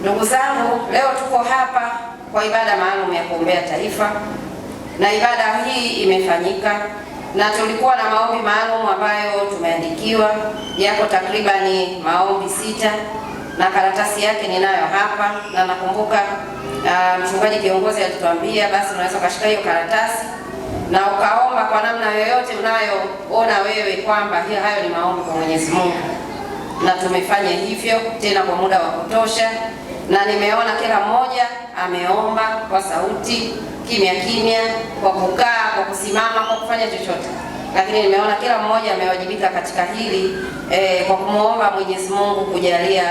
Ndugu zangu, leo tuko hapa kwa ibada maalum ya kuombea taifa, na ibada hii imefanyika na tulikuwa na maombi maalum ambayo tumeandikiwa, yako takribani maombi sita na karatasi yake ninayo hapa, na nakumbuka uh, mchungaji kiongozi alituambia basi unaweza ukashika hiyo karatasi na ukaomba kwa namna yoyote unayoona wewe kwamba hayo ni maombi kwa Mwenyezi Mungu, na tumefanya hivyo tena kwa muda wa kutosha na nimeona kila mmoja ameomba kwa sauti kimya kimya, kwa kukaa, kwa kusimama, kwa kufanya chochote, lakini nimeona kila mmoja amewajibika katika hili eh, kwa kumwomba Mwenyezi Mungu kujalia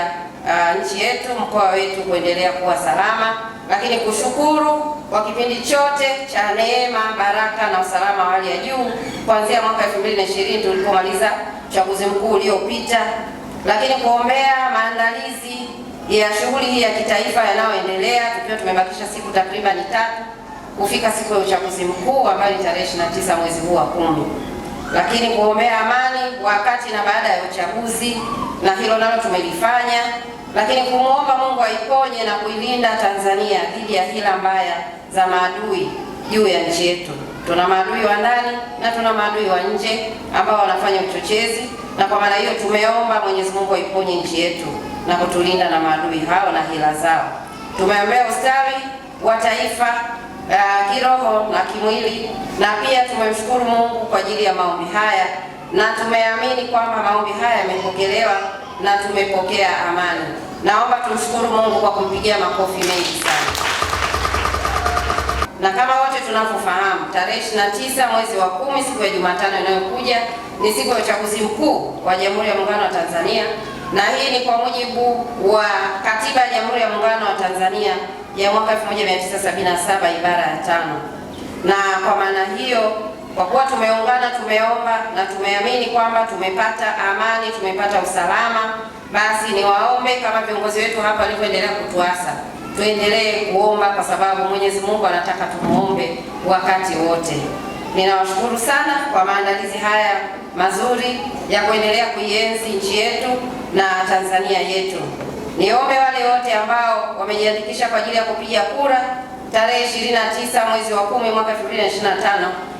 uh, nchi yetu, mkoa wetu kuendelea kuwa salama, lakini kushukuru kwa kipindi chote cha neema, baraka na usalama wa hali ya juu kuanzia mwaka 2020 tulipomaliza uchaguzi mkuu uliopita, lakini kuombea maandalizi ya shughuli hii ya kitaifa yanayoendelea, tukiwa tumebakisha siku takribani tatu kufika siku ya uchaguzi mkuu ambayo ni tarehe 29 mwezi huu wa kumi, lakini kuombea amani wakati na baada ya uchaguzi, na hilo nalo tumelifanya, lakini kumwomba Mungu aiponye na kuilinda Tanzania dhidi ya hila mbaya za maadui juu ya nchi yetu. Tuna maadui wa ndani na tuna maadui wa nje ambao wanafanya uchochezi, na kwa maana hiyo tumeomba Mwenyezi Mungu aiponye nchi yetu na kutulinda na maadui hao na hila zao. Tumeombea ustawi wa taifa uh, kiroho na kimwili, na pia tumemshukuru Mungu kwa ajili ya maombi haya, na tumeamini kwamba maombi haya yamepokelewa na tumepokea amani. Naomba tumshukuru Mungu kwa kumpigia makofi mengi sana na kama wote tunavyofahamu tarehe 29 mwezi wa kumi, siku ya Jumatano inayokuja ni siku ya uchaguzi mkuu wa Jamhuri ya Muungano wa Tanzania na hii ni kwa mujibu wa Katiba ya Jamhuri ya Muungano wa Tanzania ya mwaka 1977 ibara ya tano. Na kwa maana hiyo, kwa kuwa tumeungana, tumeomba na tumeamini kwamba tumepata amani, tumepata usalama, basi niwaombe kama viongozi wetu hapa walivyoendelea kutuasa, tuendelee kuomba, kwa sababu Mwenyezi Mungu anataka tumuombe wakati wote. Ninawashukuru sana kwa maandalizi haya mazuri ya kuendelea kuienzi nchi yetu na Tanzania yetu. Niombe wale wote ambao wamejiandikisha kwa ajili ya kupiga kura tarehe 29 mwezi wa 10 mwaka 2025,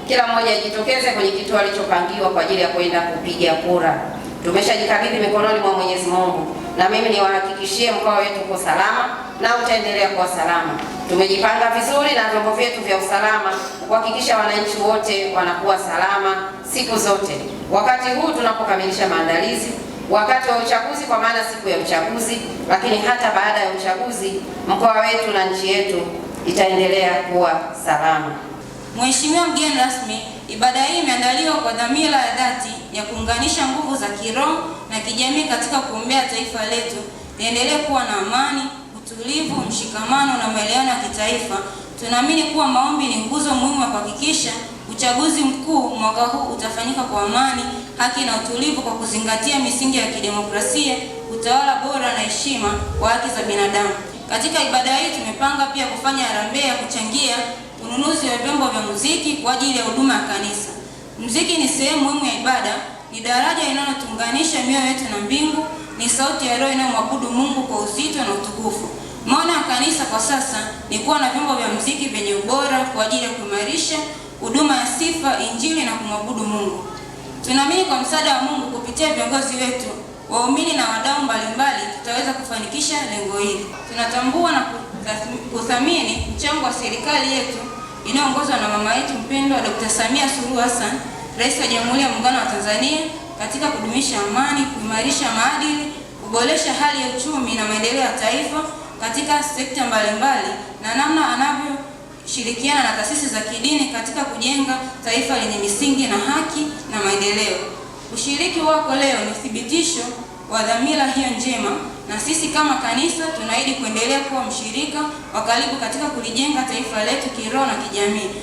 kila mmoja ajitokeze kwenye kituo alichopangiwa kwa ajili ya kwenda kupiga kura. Tumeshajikabidhi mikononi mwa Mwenyezi Mungu, na mimi niwahakikishie mkoa wetu uko salama na utaendelea kuwa salama. Tumejipanga vizuri na vyombo vyetu vya usalama kuhakikisha wananchi wote wanakuwa salama siku zote, wakati huu tunapokamilisha maandalizi wakati wa uchaguzi, kwa maana siku ya uchaguzi, lakini hata baada ya uchaguzi, mkoa wetu na nchi yetu itaendelea kuwa salama. Mheshimiwa mgeni rasmi, ibada hii imeandaliwa kwa dhamira ya dhati ya kuunganisha nguvu za kiroho na kijamii katika kuombea taifa letu liendelee kuwa na amani, utulivu, mshikamano na maelewano ya kitaifa. Tunaamini kuwa maombi ni nguzo muhimu ya kuhakikisha uchaguzi mkuu mwaka huu utafanyika kwa amani, haki na utulivu kwa kuzingatia misingi ya kidemokrasia, utawala bora na heshima kwa haki za binadamu. Katika ibada hii tumepanga pia kufanya harambee ya kuchangia ununuzi wa vyombo vya muziki kwa ajili ya huduma ya kanisa. Mziki ni sehemu muhimu ya ibada, ni daraja linalotuunganisha mioyo yetu na mbingu, ni sauti ya roho inayomwabudu Mungu kwa uzito na utukufu. Maono ya kanisa kwa sasa ni kuwa na vyombo vya mziki vyenye ubora kwa ajili ya kuimarisha huduma ya sifa, injili na kumwabudu Mungu. Tunaamini kwa msaada wa Mungu kupitia viongozi wetu, waumini na wadau mbalimbali, tutaweza kufanikisha lengo hili. Tunatambua na kuthamini mchango wa serikali yetu inayoongozwa na mama yetu mpendwa Dr. Samia Suluhu Hassan, Rais wa Jamhuri ya Muungano wa Tanzania, katika kudumisha amani, kuimarisha maadili, kuboresha hali ya uchumi na maendeleo ya taifa katika sekta mbalimbali na namna anavyoshirikiana na taasisi za kidini katika kujenga taifa lenye misingi na haki na maendeleo. Ushiriki wako leo ni thibitisho wa dhamira hiyo njema na sisi kama kanisa tunaahidi kuendelea kuwa mshirika wa karibu katika kulijenga taifa letu kiroho na kijamii.